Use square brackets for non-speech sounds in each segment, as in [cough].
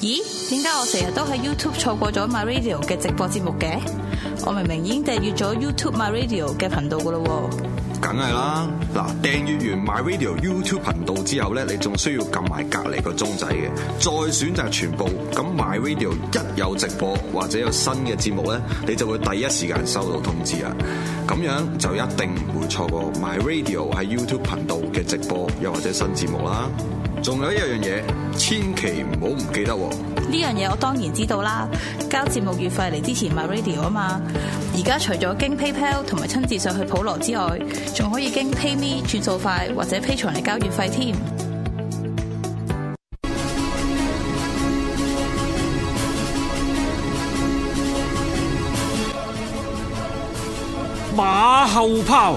咦，點解我成日都喺 YouTube 錯過咗 My Radio 嘅直播節目嘅？我明明已經訂閱咗 YouTube My Radio 嘅頻道㗎喇喎。梗係啦，嗱訂閱完 My Radio YouTube 頻道之後咧，你仲需要撳埋隔離個鐘仔嘅，再選擇全部。咁 My Radio 一有直播或者有新嘅節目咧，你就會第一時間收到通知啊。咁樣就一定唔會錯過 My Radio 喺 YouTube 頻道嘅直播，又或者新節目啦。仲有一樣嘢，千祈唔好唔記得喎！呢樣嘢我當然知道啦，交節目月費嚟支持 MyRadio 啊嘛。而家除咗經 PayPal 同埋親自上去普羅之外，仲可以經 PayMe 轉數快或者 Patreon 嚟交月費添。馬後炮。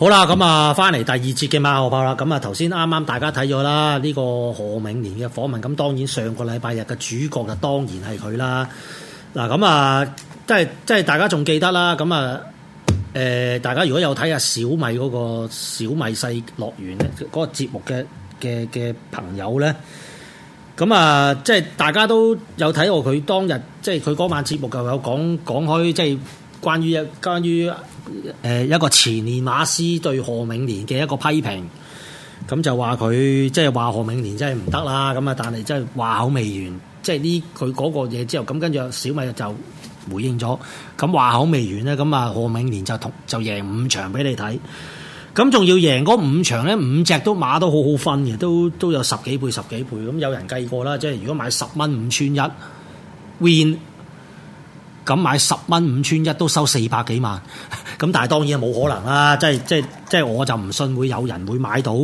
好啦，咁啊，翻嚟第二節嘅《馬後炮》啦。咁啊，頭先啱啱大家睇咗啦，呢個何永年嘅訪問。咁當然上個禮拜日嘅主角就當然係佢啦。嗱，咁啊，即係即係大家仲記得啦。咁啊，誒，大家如果有睇下小米嗰、嗰個小米世樂園咧，嗰個節目嘅嘅嘅朋友咧，咁啊，即係大家都有睇過佢當日，即係佢嗰晚節目就有講講開，即係關於一關於。關於誒，一個前年馬師對何永年嘅一個批評，咁就話佢即係話何永年真係唔得啦，咁啊，但係真係話口未完，即係呢佢嗰個嘢之後，咁跟住小米就回應咗，咁話口未完呢，咁啊何永年就同就贏五場俾你睇，咁仲要贏嗰五場呢，五隻都馬都好好分嘅，都都有十幾倍、十幾倍，咁有人計過啦，即係如果買十蚊五串一 win，咁買十蚊五串一都收四百幾萬。咁但係當然冇可能啦，即係即係即係我就唔信會有人會買到，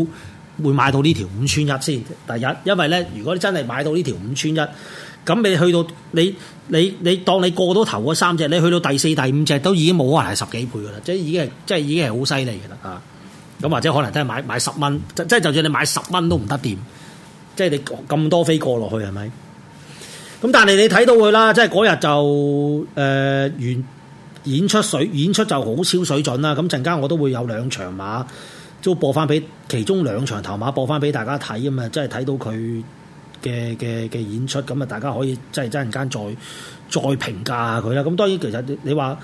會買到呢條五千一先。第一，因為咧，如果你真係買到呢條五千一，咁你去到你你你當你過到頭嗰三隻，你去到第四、第五隻都已經冇可能係十幾倍噶啦，即係已經係即係已經係好犀利噶啦啊！咁或者可能真係買買十蚊，即係就算你買十蚊都唔得掂，即係你咁多飛過落去係咪？咁但係你睇到佢啦，即係嗰日就誒完。呃演出水演出就好超水準啦，咁陣間我都會有兩場馬都播翻俾，其中兩場頭馬播翻俾大家睇吖嘛？即係睇到佢嘅嘅嘅演出，咁啊大家可以即係即係陣間再再評價下佢啦。咁當然其實你話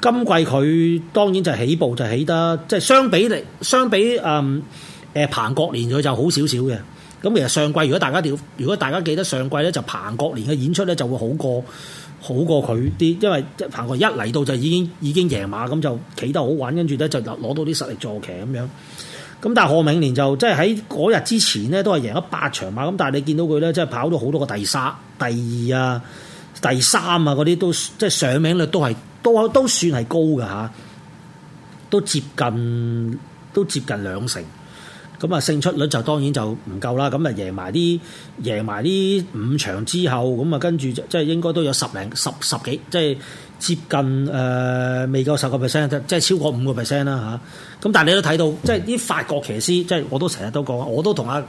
今季佢當然就起步就起得即係相比嚟相比誒、嗯、彭國年佢就好少少嘅。咁其實上季，如果大家如果大家記得上季咧，就彭國年嘅演出咧就會好過好過佢啲，因為彭國一嚟到就已經已經贏馬，咁就企得好穩，跟住咧就攞到啲實力助騎咁樣。咁但係賀銘年就即係喺嗰日之前咧都係贏咗八場馬，咁但係你見到佢咧即係跑到好多個第三、第二啊、第三啊嗰啲都即係、就是、上名率都係都都算係高㗎吓，都接近都接近兩成。咁啊，勝出率就當然就唔夠啦。咁啊，贏埋啲贏埋呢五場之後，咁啊，跟住即係應該都有十零十十幾，即係接近誒、呃、未夠十個 percent，即係超過五個 percent 啦嚇。咁、啊、但係你都睇到，即係啲法國騎師，即係、嗯、我都成日都講，我都同阿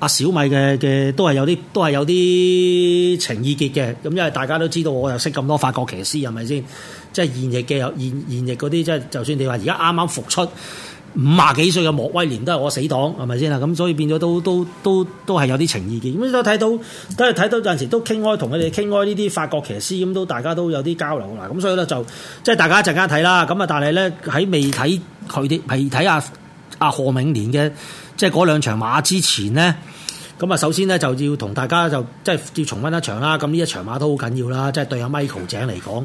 阿小米嘅嘅都係有啲都係有啲情意結嘅。咁因為大家都知道，我又識咁多法國騎師，係咪先？即係現役嘅有現現役嗰啲，即係就算你話而家啱啱復出。五廿幾歲嘅莫威廉都係我死黨，係咪先啦？咁所以變咗都都都都係有啲情意嘅。咁都睇到都係睇到有陣時都傾開，同佢哋傾開呢啲法國騎師，咁都大家都有啲交流嗱。咁所以咧就即係大家一陣間睇啦。咁啊，但係咧喺未睇佢哋，未睇阿阿賀銘年嘅即係嗰兩場馬之前咧，咁啊首先咧就要同大家就即係要重溫一場啦。咁呢一場馬都好緊要啦，即係對阿 Michael 井嚟講。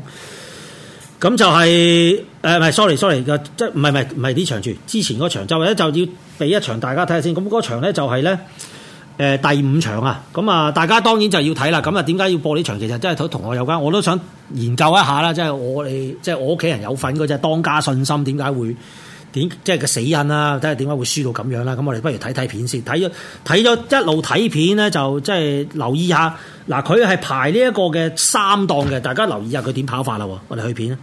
咁就係、是、誒，唔、呃、sorry，sorry，即係唔係唔係唔係呢場住，之前嗰場就或者就要俾一場大家睇下先。咁嗰場咧就係咧誒第五場啊。咁啊，大家當然就要睇啦。咁啊，點解要播呢場？其實真係同我有關。我都想研究一下啦，即、就、係、是、我哋即係我屋企人有份嗰隻、就是、當家信心，點解會點即係個死因啊，睇下點解會輸到咁樣啦？咁我哋不如睇睇片先。睇咗睇咗一路睇片咧，就即係留意下嗱，佢係排呢一個嘅三檔嘅，大家留意下佢點跑法啦。我哋去片啊！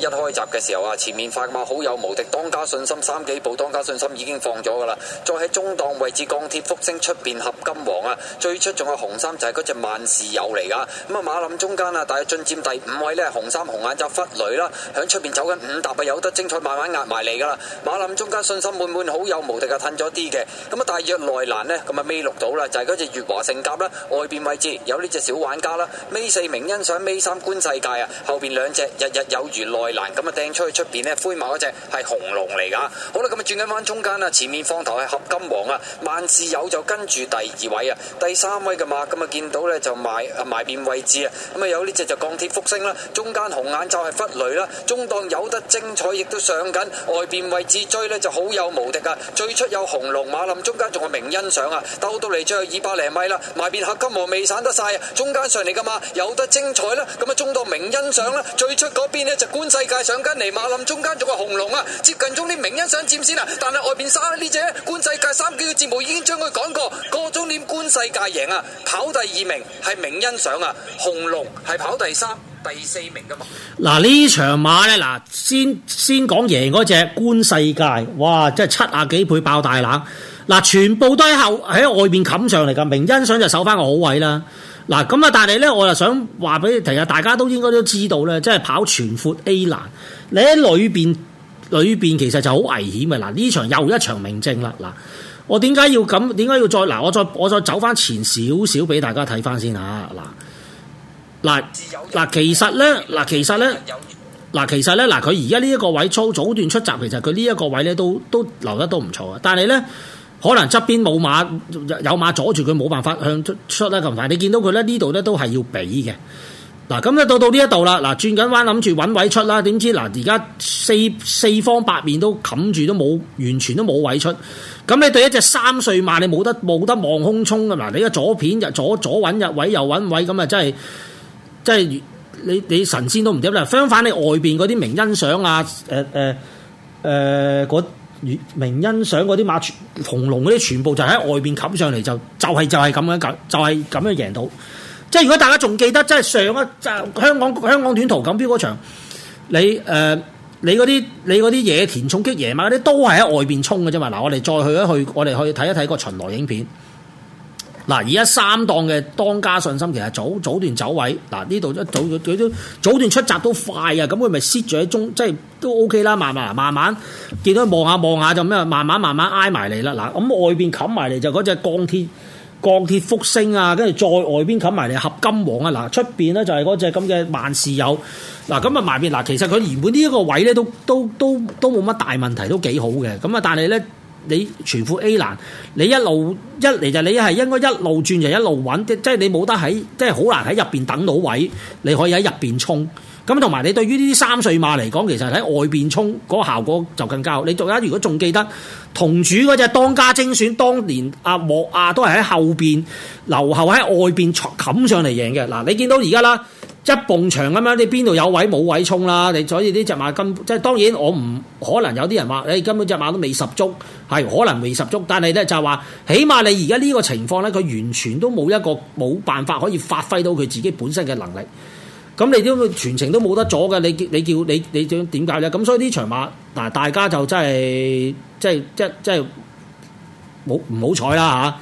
一開閘嘅時候啊，前面發馬好有無敵當家信心，三幾步當家信心已經放咗噶啦。再喺中檔位置，鋼鐵福星出邊合金黃啊，最出眾嘅紅衫就係嗰隻萬事有嚟噶。咁啊，馬林中間啊，大約進佔第五位呢，紅衫紅，紅眼就忽女啦，響出邊走緊五搭啊，有得精彩，慢慢壓埋嚟噶啦。馬林中間信心滿滿，好有無敵啊，褪咗啲嘅。咁啊，大約內欄呢，咁啊尾六到啦，就係嗰隻月華聖甲啦。外邊位置有呢隻小玩家啦，尾四名欣賞尾三觀世界啊，後邊兩隻日日有如內。難咁啊！掟出去出邊呢灰馬嗰隻係紅龍嚟噶。好啦，咁啊轉緊翻中間啦，前面方頭係合金王啊，萬事有就跟住第二位啊，第三位嘅馬咁啊見到呢就埋啊埋邊位置啊，咁啊有呢隻就鋼鐵福星啦，中間紅眼罩係忽雷啦，中檔有得精彩，亦都上緊外邊位置追呢就好有無敵啊！最出有紅龍馬林，中間仲係明欣賞啊，兜到嚟最後二百零米啦，埋邊合金王未散得晒啊，中間上嚟嘅馬有得精彩啦，咁啊中檔明欣賞啦，最出嗰邊呢就觀世。世界上跟尼馬林中間仲個紅龍啊，接近終點名恩賞佔先啊。但係外邊沙呢隻觀世界三幾個節目已經將佢講過，個終點觀世界贏啊，跑第二名係名恩賞啊，紅龍係跑第三、第四名噶嘛？嗱呢場馬咧，嗱先先講贏嗰隻觀世界，哇，即係七啊幾倍爆大冷，嗱全部都喺後喺外邊冚上嚟噶，名恩賞就守翻我好位啦。嗱，咁啊，但係咧，我又想話俾你聽啊，大家都應該都知道咧，即係跑全闊 A 欄，你喺裏邊裏邊其實就好危險嘅。嗱，呢場又一場明證啦。嗱，我點解要咁？點解要再嗱？我再我再走翻前少少俾大家睇翻先吓。嗱嗱其實咧嗱，其實咧嗱、啊，其實咧嗱，佢而家呢一，啊、個位粗早段出閘，其實佢呢一個位咧都都留得都唔錯啊。但係咧。可能側邊冇馬，有馬阻住佢冇辦法向出出啦，咁。但你見到佢咧，呢度咧都係要比嘅。嗱、啊，咁咧到到呢一度啦，嗱、啊，轉緊彎諗住揾位出啦。點知嗱，而家四四方八面都冚住，都冇完全都冇位出。咁、啊、你對一隻三歲馬，你冇得冇得望空衝㗎。嗱、啊，你個左片入左左揾入位右揾位，咁啊真係真係你你神仙都唔掂啦。相反，你外邊嗰啲名欣賞啊，誒誒誒明欣賞嗰啲馬全，紅龍嗰啲全部就喺外邊冚上嚟，就係、就係就係咁樣就係咁樣贏到。即係如果大家仲記得，即係上一集香港香港短途錦標嗰場，你誒、呃、你嗰啲你啲野田衝擊野馬嗰啲都係喺外邊衝嘅啫嘛。嗱，我哋再去一去，我哋去睇一睇個巡邏影片。嗱，而家三檔嘅當家信心其實早早段走位，嗱，呢度一早佢都早段出閘都快啊，咁佢咪 set 住喺中，即係都 OK 啦，慢慢慢慢見到望下望下就咩，慢慢慢慢挨埋嚟啦。嗱，咁外邊冚埋嚟就嗰隻鋼鐵鋼鐵復星啊，跟住再外邊冚埋嚟合金黃啊。嗱，出邊咧就係嗰隻咁嘅萬事有。嗱，咁啊埋邊嗱，其實佢原本呢一個位咧都都都都冇乜大問題，都幾好嘅。咁啊，但係咧。你全副 A 難，你一路一嚟就你係應該一路轉就一路揾，即係你冇得喺，即係好難喺入邊等到位。你可以喺入邊衝，咁同埋你對於呢啲三歲馬嚟講，其實喺外邊衝嗰個效果就更加好。你大家如果仲記得同主嗰隻當家精選，當年阿、啊、莫亞、啊、都係喺後邊留後喺外邊冚上嚟贏嘅。嗱，你見到而家啦。一埲牆咁樣，你邊度有位冇位衝啦？你所以呢隻馬根，即係當然我唔可能有啲人話，誒根本隻馬都未十足，係可能未十足，但係咧就係、是、話，起碼你而家呢個情況咧，佢完全都冇一個冇辦法可以發揮到佢自己本身嘅能力。咁你都全程都冇得阻嘅，你叫你叫你你想點解咧？咁所以呢場馬嗱，大家就真係即係即係即係冇唔好彩啦吓！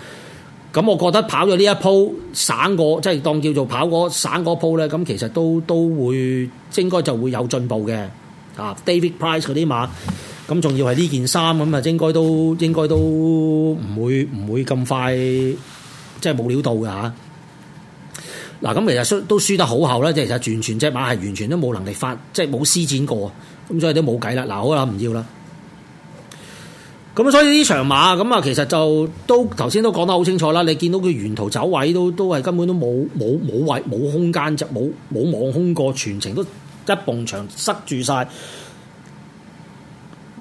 咁我覺得跑咗呢一鋪省個即係當叫做跑嗰省嗰鋪咧，咁其實都都會應該就會有進步嘅啊。David Price 嗰啲馬，咁仲要係呢件衫，咁啊應該都應該都唔會唔會咁快即係冇料到㗎吓。嗱咁其實都輸得好後啦，即係其實完全隻馬係完全都冇能力發，即係冇施展過，咁所以都冇計啦。嗱好啦，唔要啦。咁所以呢場馬咁啊，其實就都頭先都講得好清楚啦。你見到佢沿途走位都都係根本都冇冇冇位冇空間就冇冇網空過，全程都一埲牆塞住晒。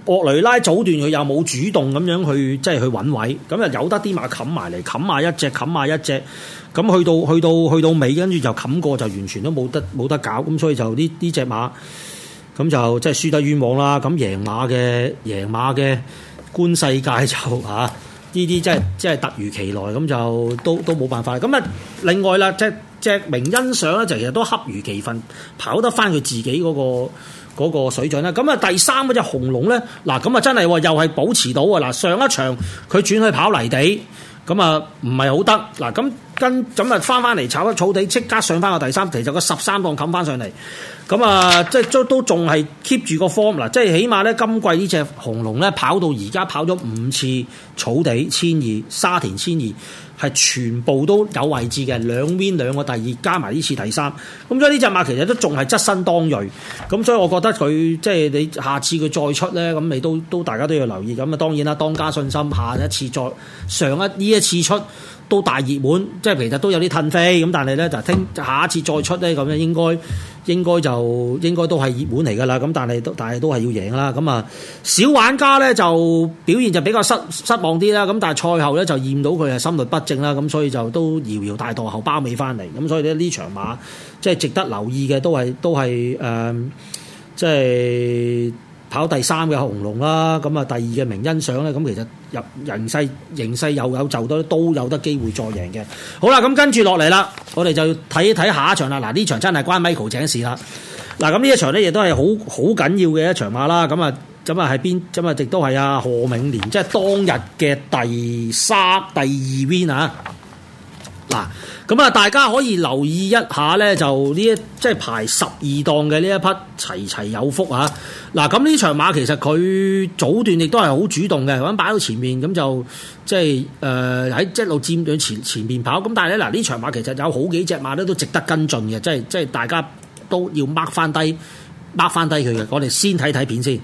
博雷拉早段佢又冇主動咁樣去，即係去揾位，咁啊有得啲馬冚埋嚟冚下一隻冚下一隻，咁去到去到去到尾，跟住就冚過就完全都冇得冇得搞，咁所以就呢呢隻馬咁就即係輸得冤枉啦。咁贏馬嘅贏馬嘅。觀世界就嚇，呢、啊、啲真係真係突如其來，咁就都都冇辦法。咁啊，另外啦，即係明欣賞咧，就其實都恰如其分，跑得翻佢自己嗰、嗰個嗰個水準啦。咁啊，第三嗰隻紅龍咧，嗱咁啊，真係又係保持到啊！嗱，上一場佢轉去跑泥地，咁啊唔係好得嗱咁。跟咁啊，翻翻嚟炒咗草地，即刻上翻個第三，其實個十三檔冚翻上嚟，咁啊，即係都都仲係 keep 住個 form 嗱，即係起碼咧，今季隻呢隻紅龍咧，跑到而家跑咗五次草地、千二、沙田千二，係全部都有位置嘅，兩邊兩個第二加埋呢次第三，咁所以呢隻馬其實都仲係側身當鋭，咁所以我覺得佢即係你下次佢再出咧，咁你都都大家都要留意咁啊。當然啦，當家信心下次一次再上一呢一次出。都大熱門，即係其實都有啲騰飛咁，但係咧就聽下一次再出咧咁樣，應該應該就應該都係熱門嚟噶啦。咁但係都但係都係要贏啦。咁、嗯、啊，小玩家咧就表現就比較失失望啲啦。咁但係賽後咧就驗到佢係心律不正啦。咁、嗯、所以就都搖搖大多後包尾翻嚟。咁、嗯、所以咧呢場馬即係值得留意嘅都係都係誒、呃、即係。搞第三嘅紅龍啦，咁啊第二嘅名欣賞咧，咁其實入形勢形勢又有就多都有得機會再贏嘅。好啦，咁跟住落嚟啦，我哋就睇一睇下一場啦。嗱呢場真係關 Michael 井事啦。嗱咁呢一場咧亦都係好好緊要嘅一場馬啦。咁啊咁啊係邊？咁啊亦都係啊，何明年，即係當日嘅第三第二位啊。咁啊，大家可以留意一下咧，就呢一即係排十二檔嘅呢一匹齊齊有福啊！嗱，咁呢場馬其實佢早段亦都係好主動嘅，咁擺到前面，咁就即係誒喺一路佔咗前前面跑。咁但係咧嗱，呢場馬其實有好幾隻馬咧都值得跟進嘅，即係即係大家都要 mark 翻低，mark 翻低佢嘅。我哋先睇睇片先。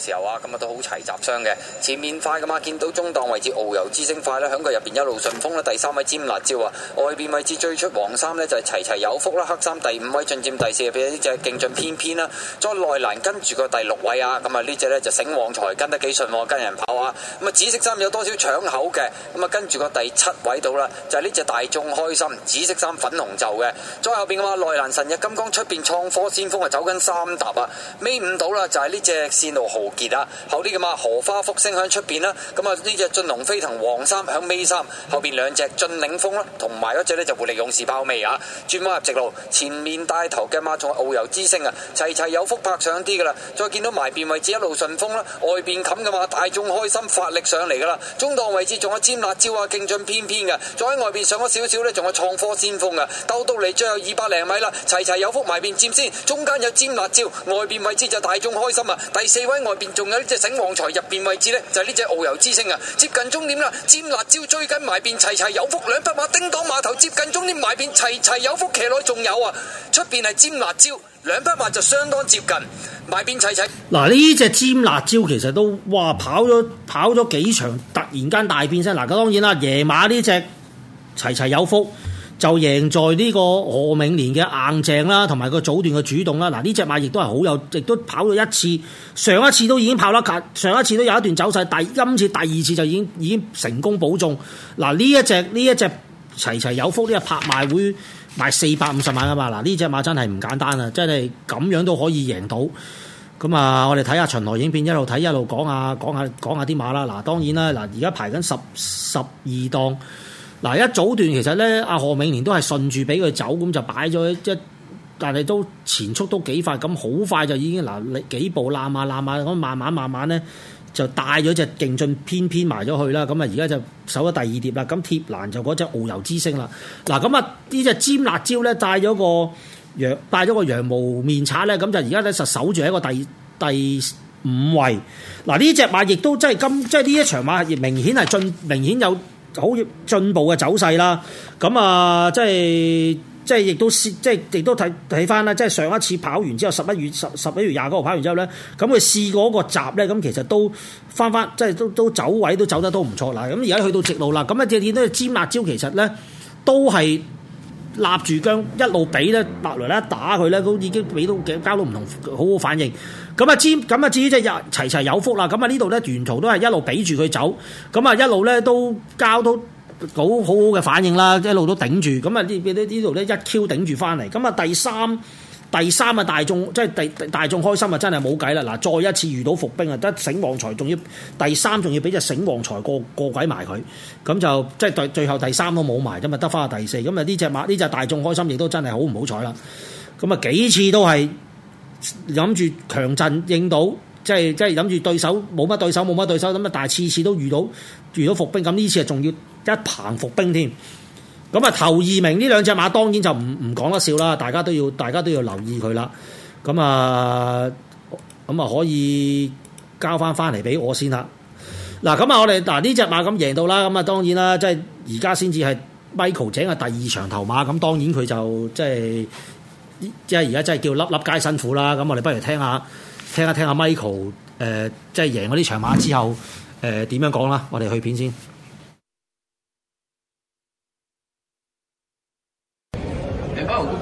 時候啊，咁啊都好齊集雙嘅，前面快噶嘛，見到中檔位置遨遊之星快啦，響佢入邊一路順風啦。第三位尖辣椒啊，外邊位置最出黃衫呢，就係齊齊有福啦，啊，黑衫第五位進佔第四嘅呢隻勁進偏偏啦，啊。再內欄跟住個第六位啊，咁啊呢隻呢，就醒旺財跟得幾順喎，跟人跑啊，咁，嗯，啊紫色衫有多少搶口嘅，咁，嗯，啊跟住個第七位到啦，就係呢隻大眾開心紫色衫粉紅袖嘅。再後邊嘅話，內欄神日金剛出邊創科先鋒啊，走緊三疊啊，尾五到啦，就係呢隻線路豪。結啦，後啲嘅嘛荷花福星響出邊啦，咁啊呢隻俊龍飛騰黃衫響尾衫，後邊兩隻俊領風啦，同埋嗰隻咧就活力勇士包尾啊，轉彎入直路，前面帶頭嘅馬仲有遨遊之星啊，齊齊有福拍上啲噶啦，再見到埋邊位置一路順風啦，外邊冚嘅嘛大眾開心發力上嚟噶啦，中檔位置仲有尖辣椒啊勁進偏偏嘅，再喺外邊上咗少少咧仲有創科先鋒啊。兜到你嚟最後二百零米啦，齊齊有福埋邊佔先，中間有尖辣椒，外邊位置就大眾開心啊，第四位外。邊仲有呢隻醒旺財入邊位置呢，就係呢隻遨遊之星啊！接近終點啦，尖辣椒追緊埋邊齊齊有福，兩匹馬叮當碼頭接近終點埋邊齊齊有福，騎女仲有啊！出邊係尖辣椒，兩匹馬就相當接近埋邊齊齊。嗱，呢隻尖辣椒其實都哇跑咗跑咗幾場，突然間大變聲嗱。咁當然啦，夜馬呢隻齊齊有福。就贏在呢個何永年嘅硬淨啦，同埋個組段嘅主動啦。嗱，呢隻馬亦都係好有，亦都跑咗一次，上一次都已經跑得近，上一次都有一段走勢，但今次第二次就已經已經成功保中。嗱，呢一隻呢一隻齊齊有福，呢個拍賣會賣四百五十萬啊嘛。嗱，呢隻馬真係唔簡單啊，即係咁樣都可以贏到。咁啊，我哋睇下巡邏影片，一路睇一路講下講下講下啲馬啦。嗱，當然啦，嗱而家排緊十十二檔。嗱，一早段其實咧，阿何永年都係順住俾佢走，咁就擺咗一，但係都前速都幾快，咁好快就已經嗱，你幾步攬馬攬馬，咁慢慢慢慢咧就帶咗隻勁進，偏偏埋咗去啦。咁啊，而家就守咗第二碟啦。咁鐵欄就嗰隻遨遊之星啦。嗱，咁啊，呢隻尖辣椒咧帶咗個羊，帶咗個羊毛面剎咧，咁就而家咧就守住喺個第第五位。嗱，呢隻馬亦都真係今即係呢一場馬亦明顯係進，明顯有。好進步嘅走勢啦，咁啊，即係即係亦都試，即係亦都睇睇翻啦，即係上一次跑完之後，十一月十十一月廿九號跑完之後咧，咁佢試過個閘咧，咁其實都翻翻，即係都都走位都走得都唔錯嗱，咁而家去到直路啦，咁啊只見到尖辣椒其實咧都係。立住姜一路比咧，白雷咧打佢咧，都已經比到交到唔同好好反應。咁啊，之咁啊，至於即係齊齊有福啦。咁啊，呢度咧沿途都係一路比住佢走，咁啊一路咧都交到好好好嘅反應啦，一路都頂住。咁啊呢呢呢度咧一 Q 頂住翻嚟。咁啊第三。第三啊，大眾即係第大眾開心啊，真係冇計啦！嗱，再一次遇到伏兵啊，得醒旺財仲要第三，仲要俾隻醒旺財過過鬼埋佢，咁就即係最最後第三都冇埋啫嘛，得返第四。咁啊呢隻馬呢隻大眾開心亦都真係好唔好彩啦！咁啊幾次都係諗住強陣應到，即係即係諗住對手冇乜對手冇乜對手，咁啊但係次次都遇到遇到伏兵，咁呢次啊仲要一棚伏兵添。咁啊，頭二名呢兩隻馬，當然就唔唔講得笑啦，大家都要，大家都要留意佢啦。咁啊，咁啊，可以交翻翻嚟俾我先啦。嗱、啊，咁啊，啊，我哋嗱呢隻馬咁贏到啦，咁啊，當然啦，即係而家先至係 Michael 整嘅第二場頭馬，咁當然佢就即係即係而家真係叫粒粒皆辛苦啦。咁、啊啊、我哋不如聽下聽下聽下 Michael，誒，即係贏咗呢場馬之後，誒、呃，點樣講啦？我哋去片先。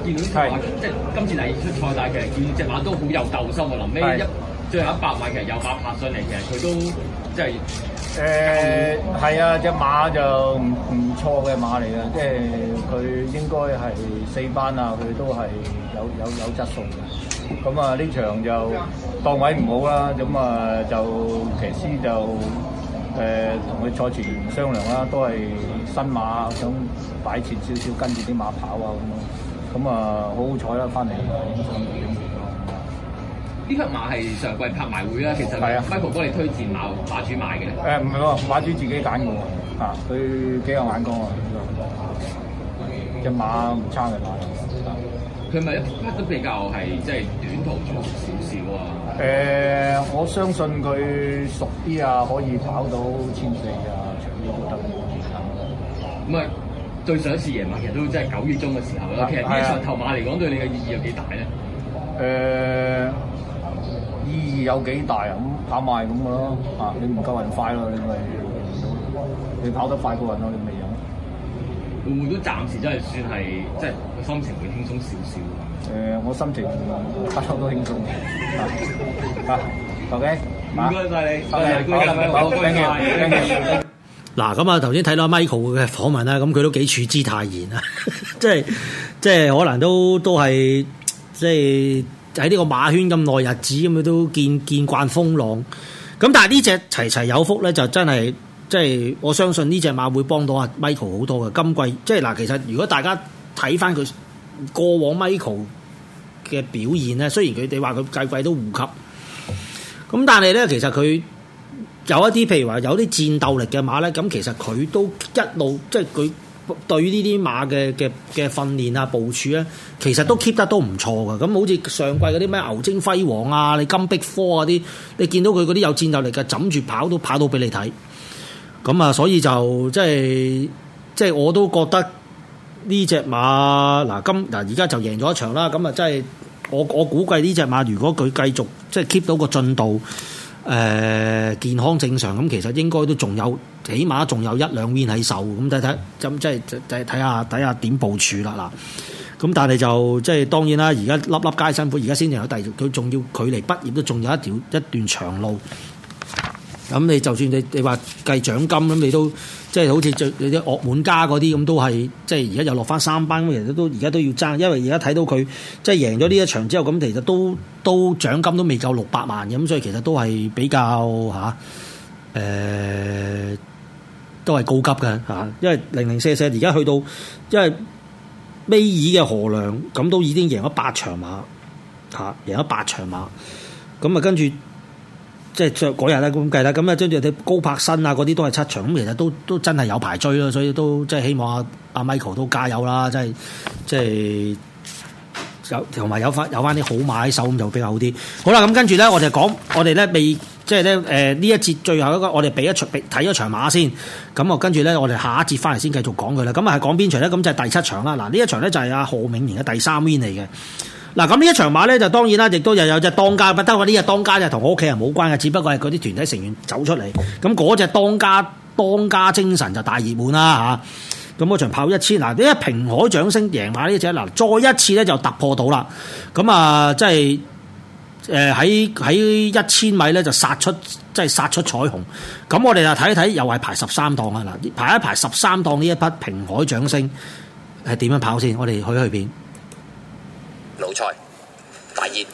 無是即係今次第二出賽，大係其見隻馬都好有鬥心，我諗呢，一是最後一百米，其實有馬拍上嚟，其實佢都即係誒係啊，隻馬就唔唔錯嘅馬嚟啊！即係佢應該係四班啊，佢都係有有有質素嘅。咁啊，呢場就檔位唔好啦，咁啊就騎師就誒同佢賽前商量啦，都係新馬想擺前少少，跟住啲馬跑樣啊咁咯。咁啊，好好彩啦，翻嚟呢匹馬係上季拍賣會啊，其實 Michael< 是>、啊、哥你推薦馬馬主買嘅誒，唔係喎，馬主自己揀嘅喎，佢、啊、幾有眼光啊，呢、這、隻、個、馬唔差嘅馬，佢咪都比較係即係短途專少少啊，誒、欸，我相信佢熟啲啊，可以跑到千四啊，長啲都得，唔差、嗯最上一次贏馬，其實都真係九月中嘅時候啦。嗯、其實呢場、嗯、頭馬嚟講，對你嘅意義有幾大咧？誒、呃，意義有幾大啊？咁、嗯、跑埋咁嘅咯，啊，你唔夠人快咯，你咪你跑得快過人咯，你咪贏咯。會唔會都暫時真係算係，即係心情會輕鬆少少？誒、呃，我心情不嬲都輕鬆嘅。啊，劉唔該曬唔該唔該你。 [laughs] 嗱咁啊，頭先睇到阿 Michael 嘅訪問啦，咁佢都幾處之泰然啊， [laughs] 即係即係可能都都係即係喺呢個馬圈咁耐日子咁，佢都見見慣風浪。咁但係呢隻齊齊有福咧，就真係即係我相信呢隻馬會幫到阿 Michael 好多嘅今季。即係嗱，其實如果大家睇翻佢過往 Michael 嘅表現咧，雖然佢哋話佢季季都護級，咁但係咧其實佢。有一啲，譬如話有啲戰鬥力嘅馬呢，咁其實佢都一路即係佢對呢啲馬嘅嘅嘅訓練啊、部署咧，其實都 keep 得都唔錯噶咁好似上季嗰啲咩牛精輝煌啊、你金碧科啊啲，你見到佢嗰啲有戰鬥力嘅，枕住跑都跑到俾你睇。咁啊，所以就即係即係我都覺得呢隻馬嗱今嗱而家就贏咗一場啦。咁啊，真係我我估計呢隻馬如果佢繼續即係 keep 到個進度。誒、呃、健康正常咁，其實應該都仲有，起碼仲有一兩 year 喺手，咁睇睇，咁即係睇睇下睇下點部署啦嗱。咁但係就即係當然啦，而家粒粒皆辛苦，而家先至有第二，佢仲要距離畢業都仲有一條一段長路。咁你就算你你話計獎金咁，你都～即係好似最有啲惡滿家嗰啲咁，都係即係而家又落翻三班，其實都而家都要爭，因為而家睇到佢即係贏咗呢一場之後，咁其實都都獎金都未夠六百萬嘅，咁所以其實都係比較吓，誒、啊欸、都係高級嘅嚇、啊，因為零零四舍而家去到，因為尾耳嘅何良咁都已經贏咗八場馬嚇，贏咗八場馬，咁啊，啊跟住。即係著嗰日咧咁計啦，咁啊跟住啲高柏新啊嗰啲都係七場，咁其實都都真係有排追咯，所以都即係希望阿、啊、阿、啊、Michael 都加油啦，即係即係有同埋有翻有翻啲好買手咁就比較好啲。好啦，咁跟住咧我哋講，我哋咧未即係咧誒呢一節最後一個，我哋俾一場俾睇一場馬先。咁啊跟住咧我哋下一節翻嚟先繼續講佢啦。咁啊係講邊場咧？咁就係第七場啦。嗱呢一場咧就係阿何明賢嘅第三邊嚟嘅。嗱，咁呢一場馬咧，就當然啦，亦都又有隻當家，唔得呢隻啊當家就同我屋企人冇關嘅，只不過係嗰啲團體成員走出嚟。咁嗰隻當家當家精神就大熱門啦嚇。咁嗰場跑一千，嗱呢一平海掌聲贏馬呢隻，嗱再一次咧就突破到啦。咁啊，即係誒喺喺一千米咧就殺出，即係殺出彩虹。咁我哋就睇一睇，又係排十三檔啊嗱，排一排十三檔呢一匹平海掌聲係點樣跑先？我哋去一去片。老菜，大熱，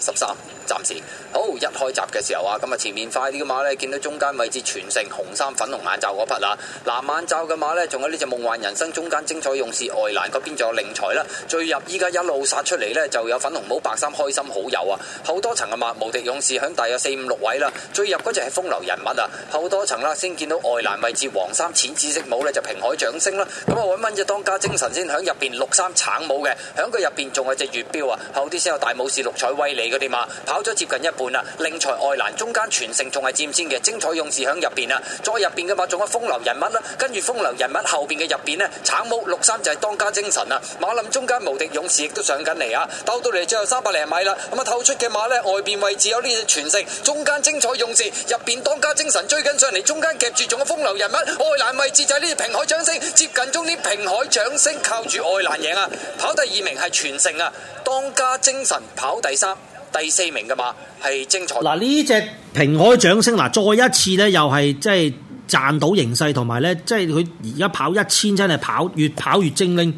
十三，暫時。好，一開閘嘅時候啊，咁啊前面快啲嘅馬呢？見到中間位置全城紅衫粉紅眼罩嗰匹啊。藍眼罩嘅馬呢，仲有呢隻夢幻人生，中間精彩勇士，外欄嗰邊仲有領財啦，最入依家一路殺出嚟呢，就有粉紅帽白衫開心好友啊，後多層啊嘛，無敵勇士響大約四五六位啦，最入嗰隻係風流人物啊，後多層啦，先見到外欄位置黃衫淺紫色帽呢，就平海掌聲啦，咁啊揾返隻當家精神先響入邊綠衫橙帽嘅，響佢入邊仲有隻月標啊，後啲先有大武士六彩威利嗰啲馬，跑咗接近一啦，令財外欄中間傳承仲係占先嘅精彩勇士響入邊啊。再入邊嘅馬仲有,有風流人物啦，跟住風流人物後邊嘅入邊呢，橙帽六三就係當家精神啊。馬林中間無敵勇士亦都上緊嚟啊，兜到嚟最後三百零米啦，咁啊透出嘅馬呢，外邊位置有呢隻傳承，中間精彩勇士，入邊當家精神追緊上嚟，中間夾住仲有風流人物，外欄位置就係呢隻平海掌聲，接近中呢平海掌聲靠住外欄贏啊，跑第二名係傳承啊，當家精神跑第三。第四名噶嘛，係精彩。嗱呢隻平海掌聲嗱，再一次咧，又係即係賺到形勢，同埋咧，即係佢而家跑一千真係跑越跑越精靈。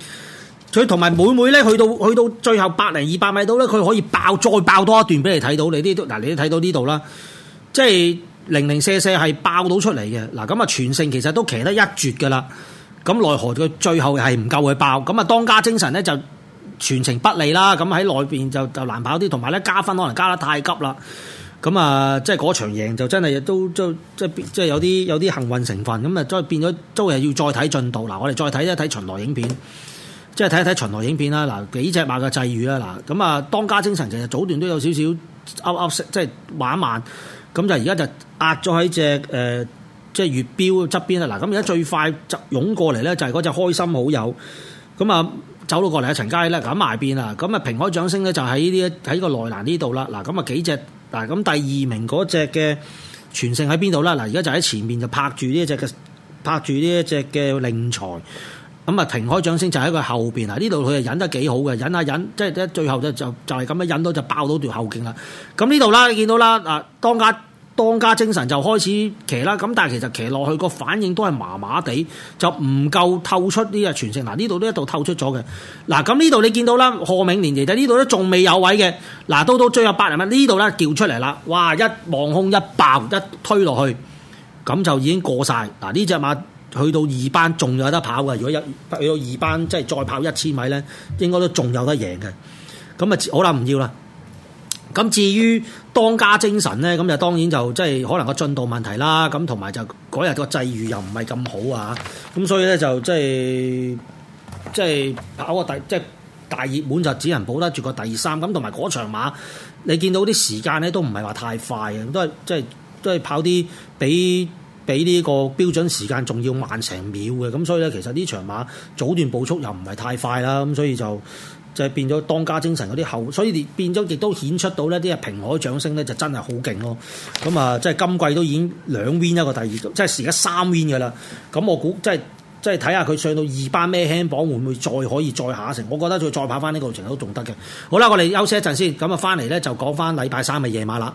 佢同埋每每咧去到去到最後百零二百米度咧，佢可以爆再爆多一段俾你睇到。你呢度嗱，你都睇到呢度啦，即係零零四四係爆到出嚟嘅。嗱咁啊，全勝其實都騎得一絕噶啦。咁奈何佢最後係唔夠佢爆。咁啊，當家精神咧就。就全程不利啦，咁喺內邊就就難跑啲，同埋咧加分可能加得太急啦，咁啊，即係嗰場贏就真係都都即係即係有啲有啲幸運成分，咁啊，都變咗都係要再睇進度。嗱，我哋再睇一睇巡邏影片，即係睇一睇巡邏影片啦。嗱，幾隻馬嘅際遇啦，嗱，咁啊，當家精神其實早段都有少少凹凹色，即係慢慢，咁就而家就壓咗喺隻誒即係月標側邊啦。嗱，咁而家最快就湧過嚟咧就係嗰隻開心好友，咁啊。走到過嚟啊！陳佳咧，咁埋邊啊？咁啊，平開掌聲咧就喺呢一喺個內欄呢度啦。嗱，咁啊幾隻嗱咁第二名嗰隻嘅全勝喺邊度啦？嗱，而家就喺前面就拍住呢隻嘅拍住呢隻嘅令財。咁啊，平開掌聲就喺佢後邊啊！呢度佢啊忍得幾好嘅，忍下忍，即係最後就就就係咁樣忍到就爆到條後勁啦。咁呢度啦，你見到啦嗱，當家。當家精神就開始騎啦，咁但係其實騎落去個反應都係麻麻地，就唔夠透出呢個全盛。嗱，呢度都一度透出咗嘅。嗱，咁呢度你見到啦，賀明年連捷，呢度都仲未有位嘅。嗱，刀刀追入八零米，呢度咧叫出嚟啦，哇！一望空一爆一推落去，咁就已經過晒。嗱，呢隻馬去到二班仲有得跑嘅，如果有去到二班，即係再跑一千米咧，應該都仲有得贏嘅。咁啊，好啦，唔要啦。咁至於當家精神咧，咁就當然就即係可能個進度問題啦。咁同埋就嗰日個際遇又唔係咁好啊。咁所以咧就即係即係跑個大即係大熱門就只能保得住個第三。咁同埋嗰場馬，你見到啲時間咧都唔係話太快嘅，都係即係都係跑啲比比呢個標準時間仲要慢成秒嘅。咁所以咧，其實呢場馬早段步速又唔係太快啦。咁所以就。就係變咗當家精神嗰啲後，所以變咗亦都顯出到呢啲啊平海掌聲咧就真係好勁咯。咁、嗯、啊，即係今季都已經兩 win 一個第二，即係時而家三 win 噶啦。咁、嗯、我估即係即係睇下佢上到二班咩 h a 榜會唔會再可以再下一城。我覺得再再跑翻呢個路程都仲得嘅。好啦，我哋休息一陣先，咁啊翻嚟咧就講翻禮拜三嘅夜晚啦。